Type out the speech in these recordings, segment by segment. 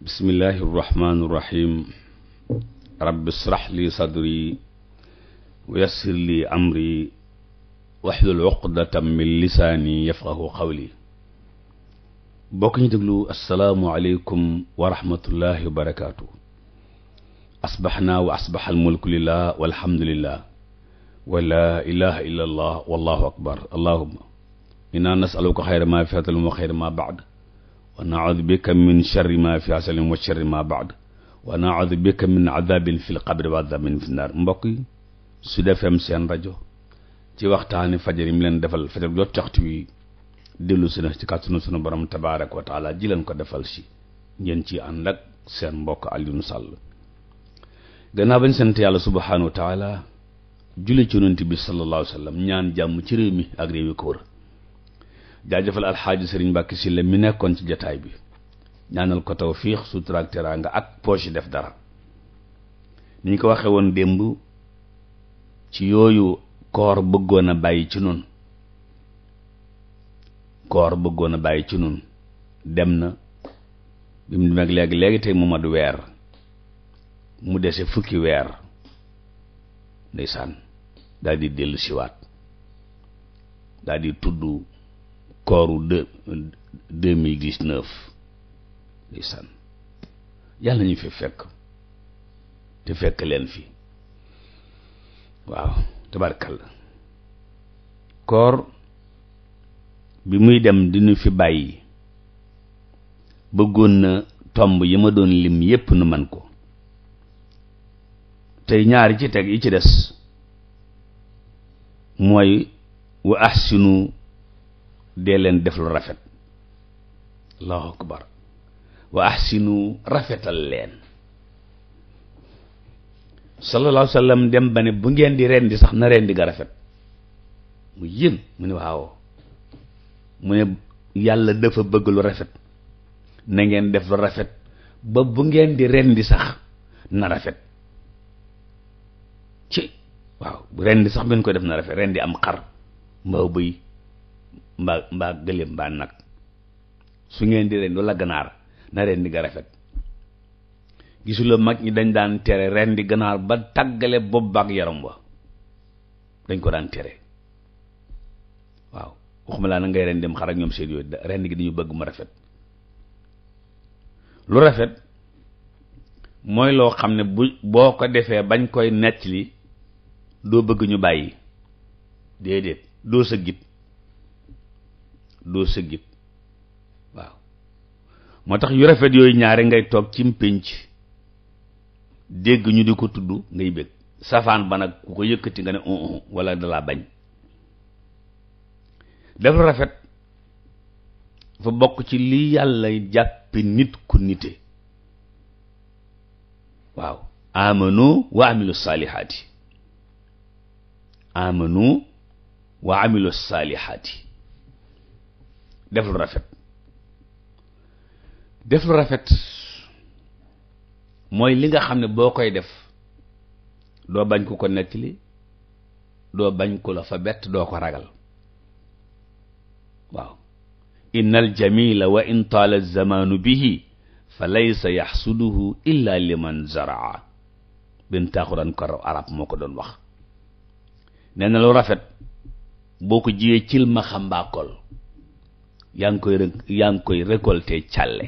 bismillaahi rahmaani rahiim rabbi srax li sadri wa yassir li amri waxlul uqdatam min lisaani yafqahu qawli bokk ñu déglu assalaamu aleykum wa rahmatullahi wa barakaatu asbaxnaa wa asbaxal mulku lillah walhamdulillah wa laa ilaha illa allah wallahu akbar allahuma inna nasaluka xayra ma fatal wa xayra ma baad wa naudu bika min sharri ma fi asalin wa sharri ma baad wa naudu bika min adabin fi lqabri naar mbokk yi Sud seen rajo ci waxtaani fajar yi mu leen defal fajar jot waxtu wi dellu si na ci kàttanu sunu borom tabaaraka wa taala ji leen ko defal si ngeen ci ànd seen mbokk Alioune Sall gannaaw bañ sant yàlla subhaanahu wa taala julli ci yonent bi sallallahu ñaan jàmm ci réew mi ak réew yi ko wër jaajëfal alxaaji sëriñ Mbàkke Sylla mu nekkoon ci jataay bi ñaanal ko tawfiix sutura ak teraanga ak poche def dara ni ñu ko waxee woon démb ci yooyu koor bëggoon bàyyi ci nun koor bëggoon a bàyyi ci nun dem na bi mu demee léegi léegi tey mu mat weer mu dese fukki weer ndeysaan daal di dellu siwaat daal di tudd kooru deux deux mille dix neuf di san yàlla ñu fi fekk te fekk leen fi waaw tabarkalla koor bi muy dem di ñu fi bàyyi bëggoon na tomb yi ma doon lim yépp nu man ko tey ñaari ci teg yi ci des mooy wa ahsinu dee leen def lu rafet allahu akbar wa ahsinu rafetal leen sallallahu alayhi wa sallam dem ba ne bu ngeen di rendi sax na rendi ga rafet mu yéen mu ne waaw mu ne yàlla dafa bëgg lu rafet na ngeen def lu rafet ba bu ngeen di rendi sax na rafet ci waaw bu rendi sax bu ñu ko def na rafet rendi am xar mbaaw bëy mbaa mbaa gëléem mbaa nag su ngeen di rendi walla ganaar na rendi ga rafet gisula mag ñi dañ daan tere rendi ganaar ba tàggale bopp ba ak yaram wa dañ ko daan tere waaw waxuma laa na ngay rendi dem xar ñoom seen yooyu rendi gi dañu bëgg mu rafet lu rafet mooy loo xam ne bu boo ko defee bañ koy nett li doo bëgg ñu bàyyi déedéet doo sa git doo sëggit waaw moo tax yu rafet yooyu ñaare ngay toog ci pénc dégg ñu di ko tudd ngay bëgg safaan ba nag ku ko yëkkati nga ne un wala dalaa bañ def rafet fa bokk ci li yàlla jàppi nit ku nite waaw amanu wa amilo saalihaati amanu wa amilu saalihaati def lu rafet def lu rafet mooy li nga xam ne boo koy def doo bañ ku ko nettali doo bañ ku la fa bett doo ko ragal waaw inna al jamila wa in taala alzamaanu bihi fa laysa yaxsuduhu illa man zaraa benn taaxuraan ko arab moo ko doon wax nee na lu rafet boo ko jiyee cil ma xambaa yaa ngi koy yaa ngi koy récolter càlle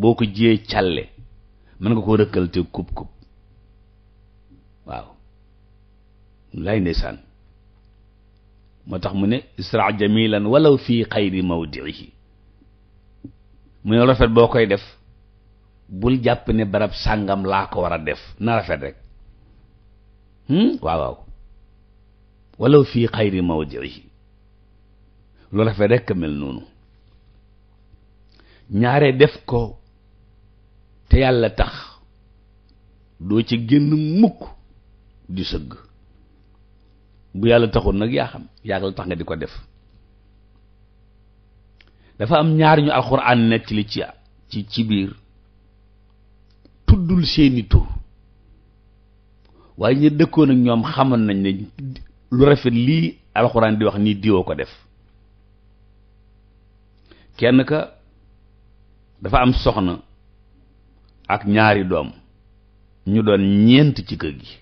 boo ko jiyee càlle mën nga koo récolter kub kub waaw lay ndeysaan moo tax mu ne isra jamilan walaw fii xayri mawdiihi mu ne rafet boo koy def bul jàpp ne barab sàngam laa ko war a def na rafet rek hmm? waaw waaw walaw fii xayri mawdiihi lu rafet rekk mel noonu ñaare def ko te yàlla tax doo ci génn mukk di sëgg bu yàlla taxoon nag yaa xam yàlla tax nga di ko def dafa am ñaar ñu alxuraan nekk li ci ci ci biir tuddul seeni tur waaye ñu dëkkoon ak ñoom xamoon nañ ne lu rafet lii alxuraan di wax nii diwoo ko def kenn ka dafa am soxna ak ñaari doom ñu doon ñeent ci kër gi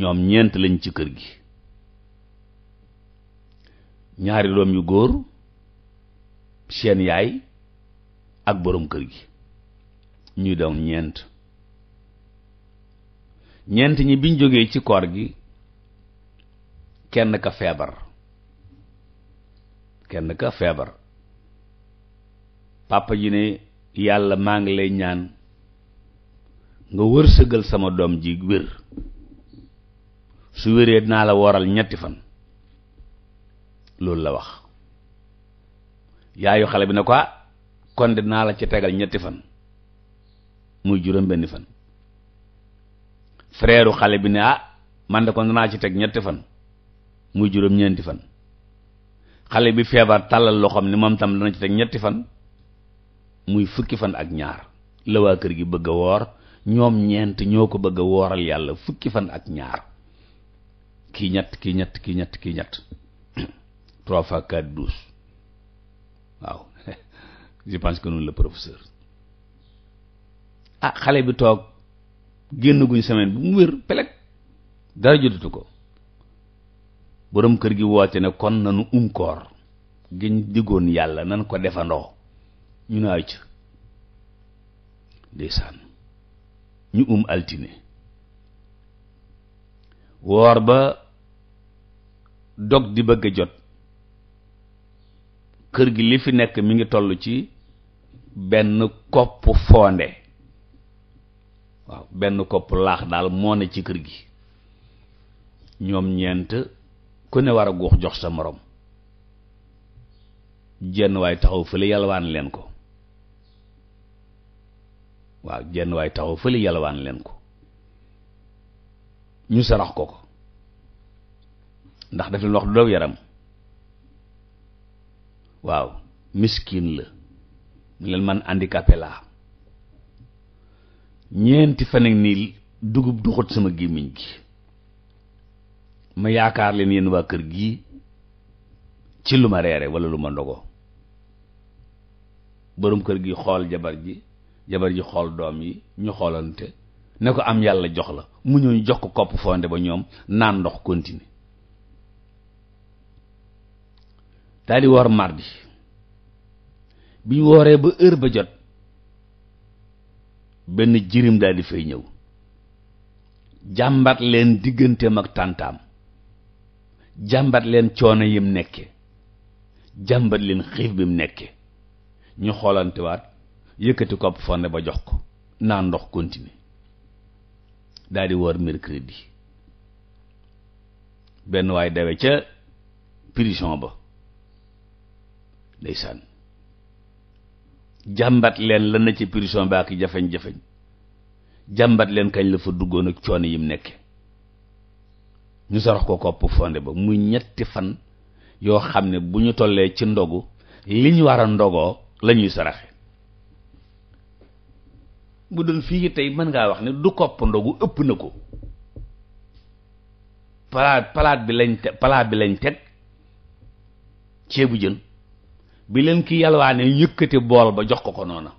ñoom ñeent lañ ci kër gi ñaari doom yu góor seen yaay ak boroom kër gi ñuy doon ñeent ñeent ñi biñ jógee ci koor gi kenn ka feebar kenn ka feebar papa ji ne yàlla maa ngi lay ñaan nga wër wërsëgal sama doom ji wér su wéree dinaa la waral ñetti fan loolu la wax yaayu xale bi ne ko ah, kon de dinaa la ci tegal ñetti fan muy juróom benni fan fereeru xale bi ne ah man de kon danaa ci teg ñetti fan muy juróom ñeenti fan xale bi feebar tàllal loo xam ne moom tam dana ci teg ñetti fan muy fukki fan ak ñaar la waa kër gi bëgg a woor ñoom ñeent ñoo ko bëgg a wooral yàlla fukki fan ak ñaar kii ñett kii ñett kii ñett kii ñett trois fois quatre douze waaw je pense que noonu la professeur ah xale bi toog génn guñ semaine bi mu wér peleg dara jotatu ko boroom kër gi woote ne kon nanu um koor giñ diggoon yàlla nan ko defandoo ñu ne ayca ndeysaan ñu um altine woor ba dog di bëgg a jot kër gi li fi nekk mi ngi toll ci benn kopp foonde waaw benn kopp laax daal moo ne ci kër gi ñoom ñeent ku ne war a guux jox sa morom jenn waay taxaw fële yalwaan leen ko waaw jenn waay taxaw fële yalwaan leen ko ñu sarax ko ko ndax daf leen wax du daw yaram waaw miskin la mu leen man handicapé laa ñeenti fan nii dugub du sama gémmiñ gi ma yaakaar leen yéen waa kër gi ci lu ma reere wala lu ma ndogoo boroom kër gi xool jabar ji jabar ji xool doom yi ñu xoolante ne ko am yàlla jox la mu ñëw jox ko kopp fonde ba ñoom naan ndox continue daal di woor mardi bi ñu wooree ba heure ba jot benn jirim daal di fay ñëw jàmbat leen digganteem ak tàntaam jàmbat leen coono yim nekke jàmbat leen xiif bi mu nekke ñu xoolantewaat yëkkati kopp fonde ba jox ko naa ndox continuer daal di wër mercredi benn waay dawe ca prison ba ndeysaan jàmbat leen lan na ci prison ba ak jafeñ jafeñ jàmbat leen kañ la fa duggoon ak coono mu nekke ñu sarax ko kopp fonde ba muy ñetti fan yoo xam ne bu ñu tollee ci ndogu li wara war a ndogoo la saraxe bu doon fii tey mën ngaa wax ne du kopp ndogu ëpp na ko palaat bi lañ te palaat bi lañ teg ceebu jën bi leen ki yalwaane yëkkati bool ba jox ko ko noona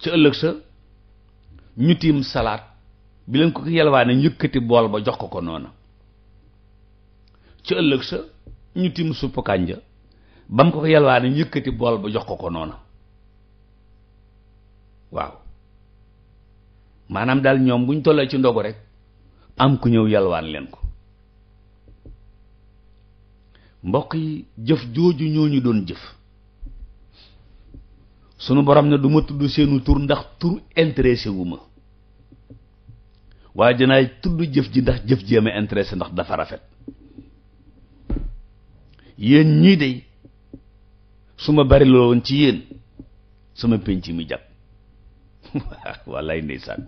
ca ëllëg sa ñu tiim salaat bi leen ko ki yalwaane yëkkati bool ba jox ko ko noonu ci ëllëg sa ñu tim supp kànja ba mu ko ko yalwaane yëkkati bool ba jox ko ko noonu waaw maanaam daal ñoom bu ñu tollee ci ndogu rek am ku ñëw yalwaan leen ko mbokk yi jëf jooju ñu doon jëf sunu borom ne du ma tudd seenu tur ndax tur intéressé wu waa dinaay tudd jëf ji ndax jëf ji amee intéressé ndax dafa rafet yéen ñii de su ma bari loon ci yéen sama pénc mi jag wallaay ndeysaan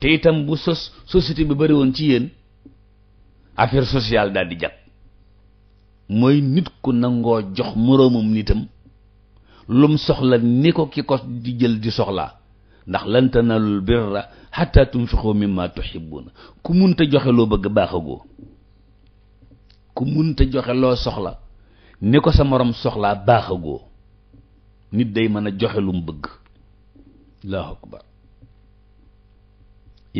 te itam bu sos société bi bari woon ci yéen affaire sociale daal di jag mooy nit ku nangoo jox moroomam nitam lum soxla ni ko ki ko di jël di soxlaa ndax na tanaalul birra hatta tunfiqu mimma tuhibbuna ku munta joxe loo bëgg baaxagoo ku munta joxe loo soxla ni ko sa moroom soxlaa baaxagoo nit day mën a joxe lu bëgg allahu akbar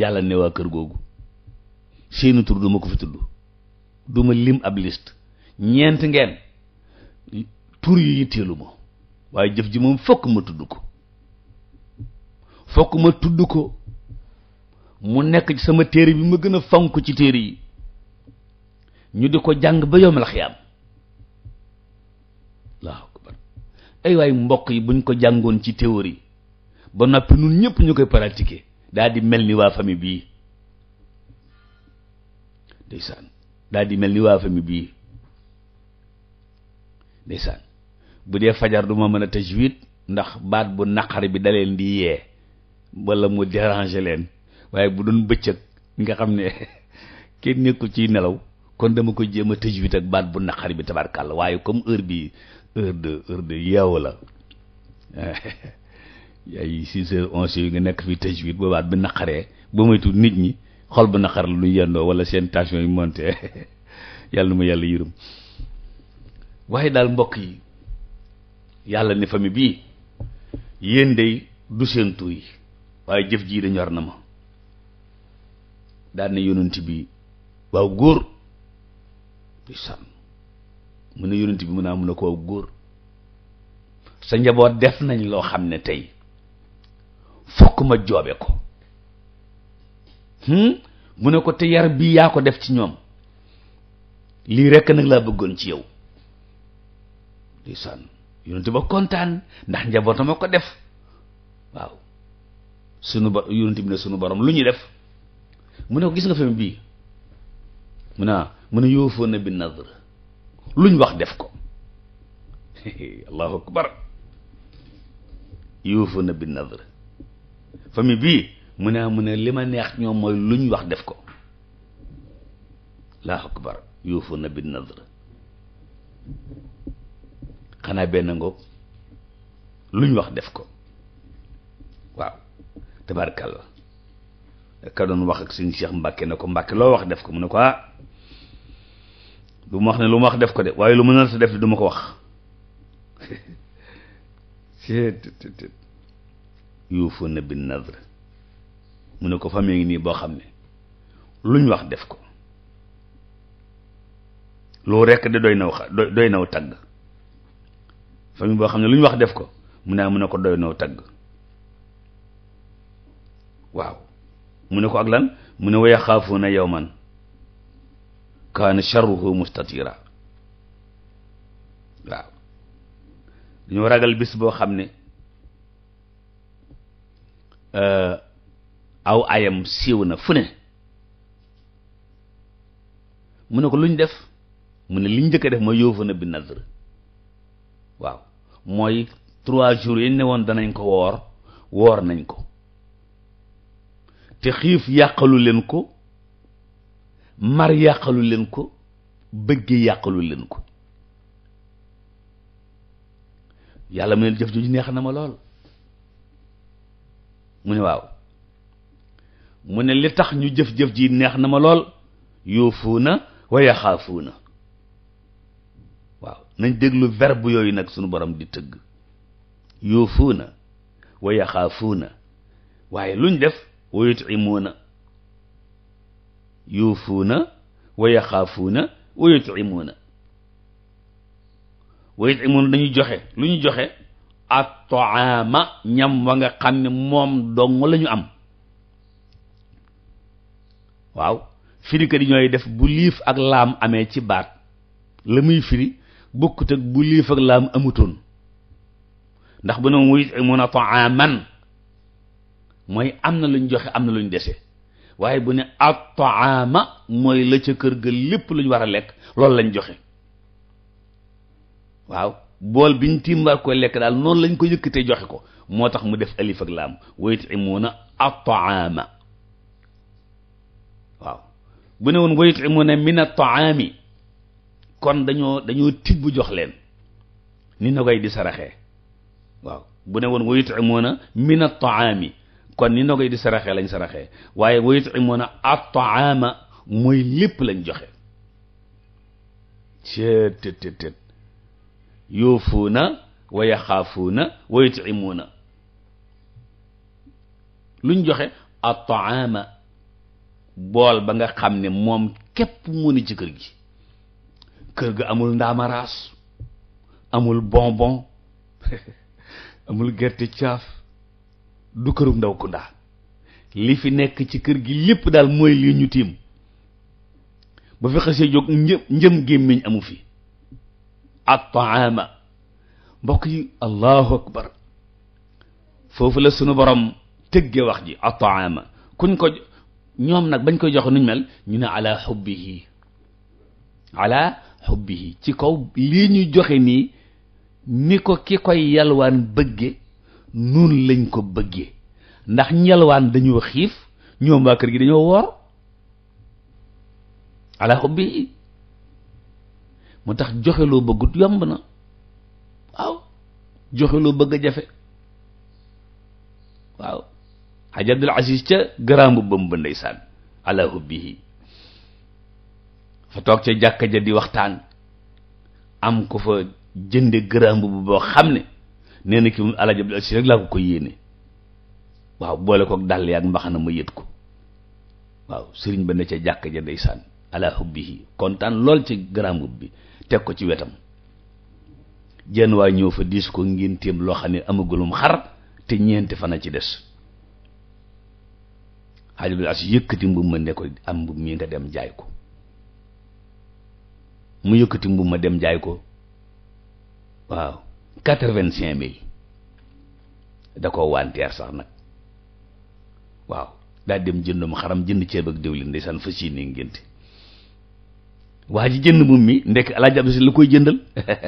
yàlla ne waa kër googu seeni tur duma ko fi tudd duma lim ab liste ñeent ngeen tur yu yitteelu ma waaye jëf ji moom fokk ma tudd ko fokk ma tudd ko mu nekk ci sama téere bi ma gën a fonk ci téere yi ñu di ko jàng ba yom la xiyaam allahu akbar mbokk yi buñ ko jàngoon ci théorie ba noppi nun ñëpp ñu koy pratiquer dal di mel ni waa famille bii ndeysaan daal di mel ni waa famille bii ndeysaan bu dee fajar duma mën a tajwid ndax baat bu naqar bi daleen di yee wala mu déranger leen waaye bu doon bëccëg nga xam ne kenn nekkul ci nelaw kon dama ko jéem a tëj wit ak baat bu naqar bi tabarkàlla waaye comme heure bi heure de heure de yeewu la ay six heures onze yi nga nekk fi tëj wit ba baat bi naqaree ba moytu nit ñi xol bu naqar lu yendoo wala seen tension yi monte yàlla mu yàlla yërëm waaye daal mbokk yi yàlla ne famille bii yéen day du seen tur waaye jëf jii de ñor na ma daan na yonent bi waaw góor mun sànn mu bi mu naa ah, mun ne ko waaw góor sa njaboot def nañ loo xam ne tey fokk ma joobe ko hmm? mu ne ko te yar bii yaa ko def ci ñoom lii rekk nag laa bëggoon ci yow di sànn yonent ba kontaan ndax njabootam a ko def waaw sunu ba yonent bi ne sunu borom lu ñuy def mu ne ko gis nga film bii mu ne ah mu ne yóofoon na bi lu ñu wax def ko allahu akbar yóofoon na bi bii mu ne ah, mu ne li ma neex ñoom mooy lu ñu wax def ko allahu akbar yóofoon na xanaa benn ngoog lu ñu wax def ko tabarkalla ka doon wax ak suñu Cheikh Mbàkke na ko Mbàkke loo wax def ko mu ne ko ah lu mu wax ne lu mu wax def ko de waaye lu mu nar sa def du ma ko wax yuufuuna bin ne ko famille ngi nii boo xam ne luñ wax def ko loolu rekk de doy naw xa doy naw tagg famille boo xam ne luñ wax def ko mu ne mu ne ko doy naw tagg waaw mu ne ko ak lan mu ne wa yaxaafuuna yawman kaana sharruhu mustatira waaw dañoo ragal bis boo xam ne euh, aw ayam siiw na fu ne mu ne ko lu luñ def mu ne liñ njëkk a def mooy yóofu na bi nadr waaw mooy trois jours yi ne woon danañ ko woor woor nañ ko te xiif yàqalu leen ko mar yàqalu leen ko bëggee yàqalu leen ko yàlla mu ne jëf jooju neex na ma lool mu ne waaw mu ne li tax ñu jëf-jëf ji neex na ma lool yoofuuna wa yaxaafuuna waaw nañ déglu verbe yooyu nag sunu borom di tëgg yoofuuna wa yaxaafuuna waaye luñ def wa yut'imuuna yuufuuna wa yaxaafuuna wa yut'imuuna wa yut'imuuna dañuy joxe lu ñu joxe at-ta'aama ñam wa nga xam ne moom dong lañu am waaw firikat yi ñooy def bu liif ak laam amee ci baat la muy firi bokkut ak bu liif ak laam amutoon ndax bu ne wa yut'imuuna ta'aaman mooy am na lu ñu joxe am na lu ñu dese waaye bu ne at-ta'ama mooy la ca kër ga lépp lu ñu war a lekk loolu lañ joxe waaw bool bi ñu tiim koy lekk daal noonu lañ ko yëkkatee joxe ko moo tax mu def alif ak laam wa yut'imuuna at-ta'ama waaw bu ne woon wa yut'imuuna min at-ta'ami kon dañoo dañoo tibb jox leen ni na koy di waaw bu ne woon wa yut'imuuna min at-ta'ami kon ni ndongo yi di saraxee lañ saraxee waaye wa yut'imuna at-ta'ama mooy lépp lañ joxe cët tët tët tët yuufuuna wa yaxaafuuna wa yut'imuuna luñ joxe at bool ba nga xam ne moom képp mu ni ci kër gi kër gi amul ndaamaraas amul bonbon amul gerte caaf du kërub ndaw kunda li fi nekk ci kër gi lépp daal mooy li ñu tiim bu fi xasee jóg njëm njëm gémmiñ amu fi at mbokk yi allahu akbar foofu la sunu borom tëgge wax ji at taama kuñ ko ñoom nag bañ koy jox nuñ mel ñu ne ala xubbihi ala xubbihi ci kaw lii ñu joxe nii ni ko ki koy yalwaan bëgge nun lañ ko bëggee ndax ñelwaan dañoo xiif ñoom waa kër gi dañoo woor ala xubbi yi tax joxe loo bëggut yomb na waaw joxe loo bëgg a jafe waaw xaj Abdul Aziz ca garambu bam ba ndeysaan ala fa toog ca jàkka ja di waxtaan am ko fa jënde garambu bu boo xam ne nee na ki alaaj Abdul Asiis rek laa ko ko yéene waaw boole kook dàll yaak mbaxana ma yët ko waaw sëriñ ba ne ca jàkk ja ndeysaan ala hubbihi kontaan lool ci grand bi teg ko ci wetam jenn waay ñëw fa diis ko ngénteem loo xam ne amagulum xar te ñeenti fan a ci des alaaj Abdul Asiis yëkkati mbubb ma ne ko am mbubb mii nga dem jaay ko mu yëkkati mbubb ma dem jaay ko waaw quatre-vingt-cinq mille da ko wanteer sax nag waaw daal dem jëndum xaram jënd ceeb ak diwlin ndeysaan fas yi nii ngénte waa ji jënd mum mi ndekk alaaji Abdu Si lu koy jëndal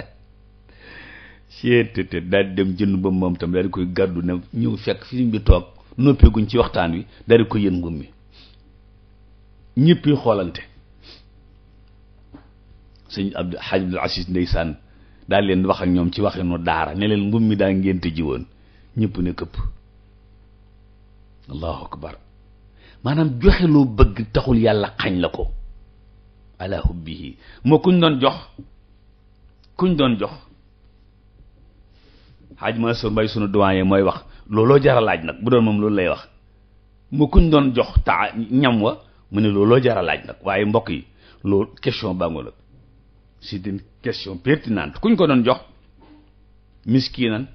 seetete daal dem jënd ba moom tam daal di gàddu ne ñëw fekk toog noppeeguñ ci waxtaan wi daal ko yën mbubb mi ñëpp xoolante sëñ Abdou Hadj Abdoul Aziz ndeysaan daal leen wax ak ñoom ci waxinu daara ne leen mbubb mi daa ngénte ji woon ñëpp ne këpp allahu akbar maanaam joxe loo bëgg taxul yàlla xañ la ko ala hubbihi moo kuñ doon jox kuñ doon jox xaaj ma soo mbay sunu doyen mooy wax looloo jara laaj nag bu doon moom loolu lay wax mu kuñ doon jox taa ñam wa mu ne looloo jara laaj nag waaye mbokk yi loolu question baa la c'est question pertinente kuñ ko doon jox miskinan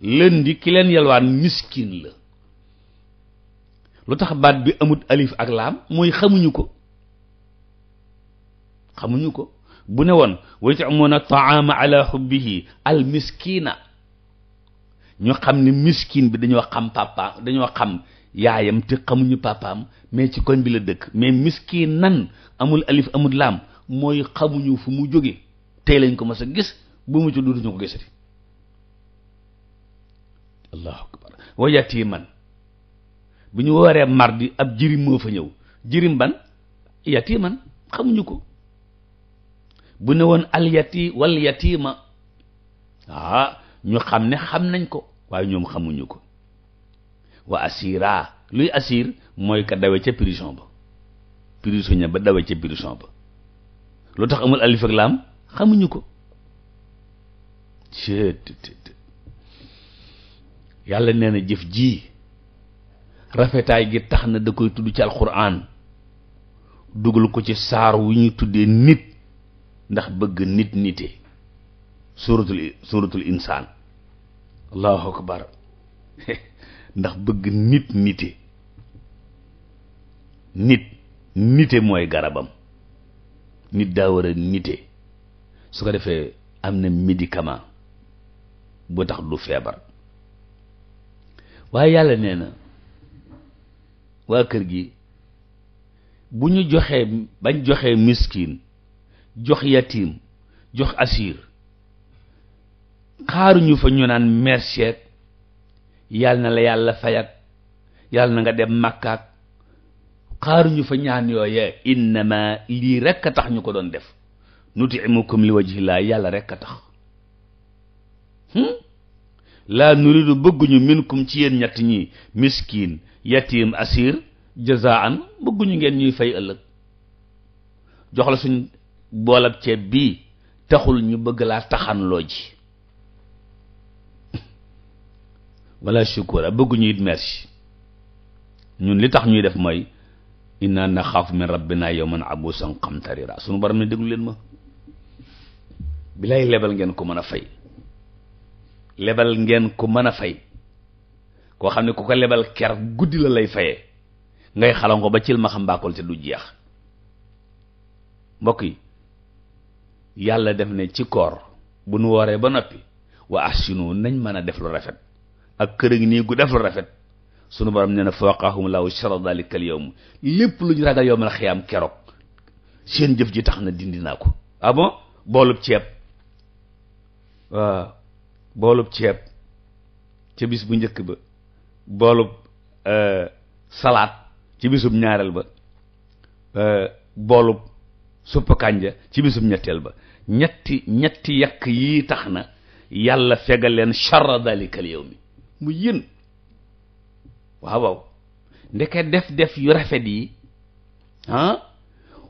lëndi ki leen yalwaan miskin la lu tax baat bi amut alif ak laam mooy xamuñu ko xamuñu ko bu ne woon wa yut'imuna ta'ama ala hubbihi al miskina ñu xam ne miskin bi dañoo xam papa dañoo xam yaayam te xamuñu papaam mais ci koñ bi la dëkk mais miskinan amul alif amul laam mooy xamuñu fu mu jóge tey lañ ko mas a gis bu mu ci duutuñu ko gisati allahu akbar wayaat yi bu ñu waree mardi ab jirim moo fa ñëw jirim ban yatiman xamuñu ko bu ne woon al yati wal ah, ñu xam ne xam nañ ko waaye ñoom xamuñu ko wa asira luy asir mooy ka dawe ca prison ba prison ba dawe ca prison ba lu tax amul alif ak laam xamuñu ko yàlla nee na jëf ji rafetaay gi tax na da koy tudd ci alxuraan dugal ko ci saar wu ñu tuddee nit ndax bëgg nit nite suratul suratul insaan allahu akbar ndax bëgg nit nite nit nite mooy garabam nit daa war a nite su ko defee am na médicament bu tax du feebar waaye yàlla nee na waa kër gi bu ñu joxee bañ joxee miskin jox yatim jox asir xaaruñu fa ñu naan merci yàlla na la yàlla fay ak yàlla na nga dem màkkaak xaaruñu fa ñaan yooye innama lii rekk a tax ñu ko doon def nutimukum li wajhillah yàlla rekk a tax hmm? laa nuridu bëgguñu minkum ci yéen ñett ñi miskin yatim asir jazaan bëgguñu ngeen ñuy fay ëllëg jox la suñ boolab ceeb bii taxul ñu bëgg laa taxanloo ji wala shukura bëgguñu it merci ñun li tax ñuy def mooy inna naxaaf min rabbina yawman abuusan qamtarira sunu borom ne déglu leen ma bilaay lebal ngeen ko mën a fay lebal ngeen ko mën a fay koo xam ne ku ko lebal ker guddi la lay fayee ngay xalango ba cil ma xam mbaakool te du jeex mbokk yi yàlla def ne ci koor bu nu wooree ba noppi wa ahsinu nañ mën a def lu rafet ak kër ngi nii gu def lu rafet sunu borom nee na fa waqaahum laahu sharra daalika al yawm lépp lu ñu ragal yowmal xiyaam keroog seen jëf ji tax na dindi naa ko ah bon boolub ceeb waaw boolub ceeb ca bu njëkk ba boolub euh, salaat ci bisub ñaareel ba euh, boolub suppu kànja ci bisub ñetteel ba ñetti ñetti yàq yi tax na yàlla fegal leen sharra daalika al mu yën waaw waaw ndeke def def yu rafet yi ah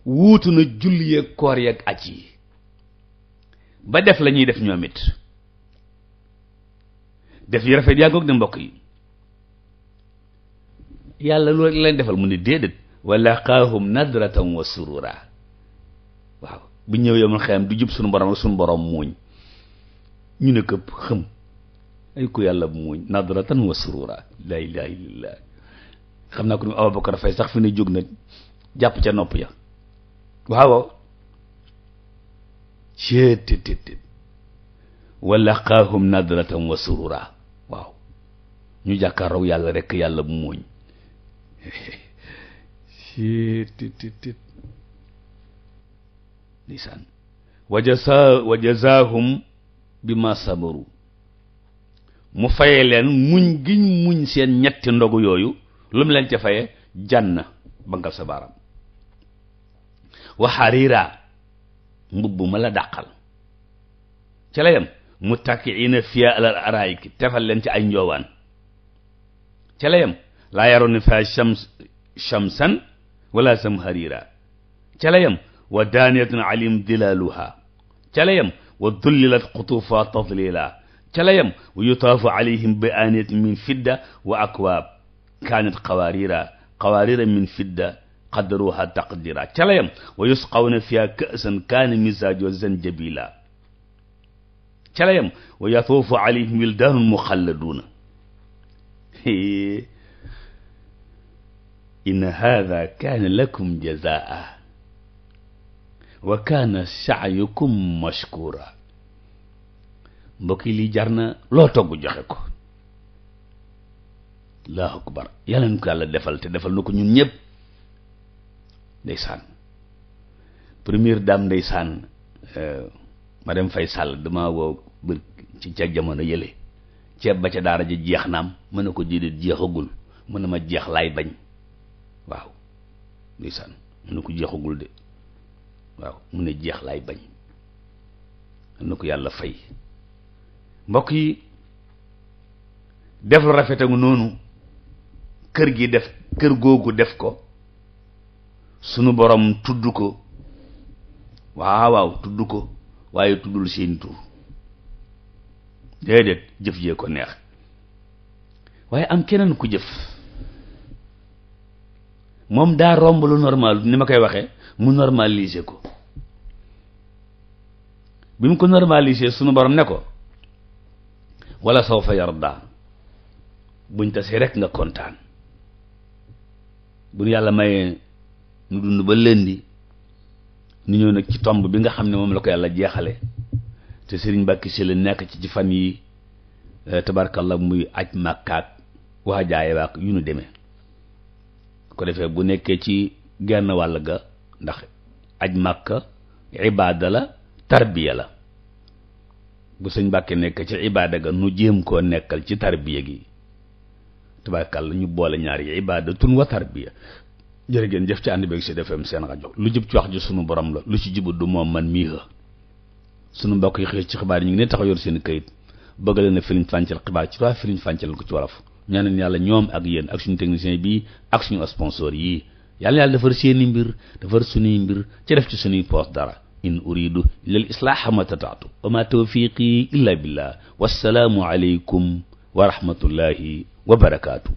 wuutu na julli yeeg koor yeeg aj yi ba def la ñuy def ñoomit it def yu rafet yaa ngoog de mbokk yi yàlla loolu leen defal mu ne déedéet wa laqaahum nadratan wa surura waaw bu ñëw yow man xeyam du jub sunu borom la suñu borom muuñ ñu ne këpp xëm ay ku yàlla muuñ nadratan wa surura la ilaha illallah xam naa ko ni Abubakar Fay sax fi ne jóg na jàpp ca nopp ya waaw ceet tit tit wa laqaahum nadratan wa surura waaw ñu jàkkaaroo yàlla rekk yàlla muuñ ceet tit tit lisaan wa jazaa wa sabaru mu faye leen muñ giñ muñ seen ñetti ndogu yooyu lu mu leen ca faye jànn bangal sa baaram waxariira mbubb ma la daqal ca la yem mu takki ina fiya alal araayiki tefal leen ci ay njoowaan ca la yem laa yaroon fiha shams shamsan wala sam harira ca yem wa daaniyatun alim dilaaluha ca la yem wa dullilat xutufa tadlila ca la yem wa yutaafu alayhim bi aaniyatin min fidda wa akwaab kaanat qawaarira qawaarira min fidda qaddaruha taqdira ca la yem wa yusqawna fiha ka'san kaana mizaaju zanjabila ca la yem wa yatuufu alayhim wildaanun muxalladuuna in haada kaana lakum jazaa wa kaana sa'yukum mashkuura mbokk yi lii jar na loo togg joxe ko allahu akbar yàlla na ko yàlla defal te defal na ko ñun ñëpp ndeysaan première dame ndeysaan euh, madame Faye Sall dama woo bër ci ca jamono yële ceeb ba ca daara ji jeex naam mën na ko déedéet jeexagul mën na ma jeex laay bañ waaw ndeysaan mën na ko jeexagul de waaw mu ne jeex laay bañ mën na ko yàlla fay mbokk yi def lu rafet a noonu kër gi def kër googu def ko sunu borom tudd ko waaw waaw tudd ko waaye tuddul seen tur déedéet jëf jee ko neex waaye am keneen ku jëf moom daa romb lu normal ni ma koy waxee mu normaliser ko bi mu ko normaliser sunu borom ne ko wala sawfa yarda buñ tasee rek nga kontaan bu yàlla mayee nu dund ba lëndi nu ñëw nag ci tomb bi nga xam ne moom la ko yàlla jeexale te sëriñ Mbàkke si la nekk ci ci fan yi eh, la muy aj màkkaak waajaaye waak yu nu demee ko defee bu nekkee ci genn wàll ga ndax aj màkka ibaada la tarbiya la bu sëñ Mbàkke nekk ci ibaada ga nu jéem koo nekkal ci tarbiya gi tabaarkàlla lañu boole ñaar yi ibaadatun wa tarbiya jërë ngeen jëf ci ànd beeg Sud FM seen rajo lu jub ci wax ji borom la lu ci jubut du moom man mii sunu mbokk yi xëy ci xibaar yi ñu ngi ne taxaw yor seen kayit bëgg leen a firiñ fàncal xibaar ci waa firiñ fàncal ko ci wolof ñaaneen yàlla ñoom ak yéen ak suñu technicien bii ak suñu sponsor yii yàlla yàlla defar seeni mbir defar suñuy mbir ci def ci suñuy poos dara in uridu illa al islaaha ma tataatu wa ma tawfiqi illa billah wassalaamu aleykum wa rahmatullahi wa barakaatu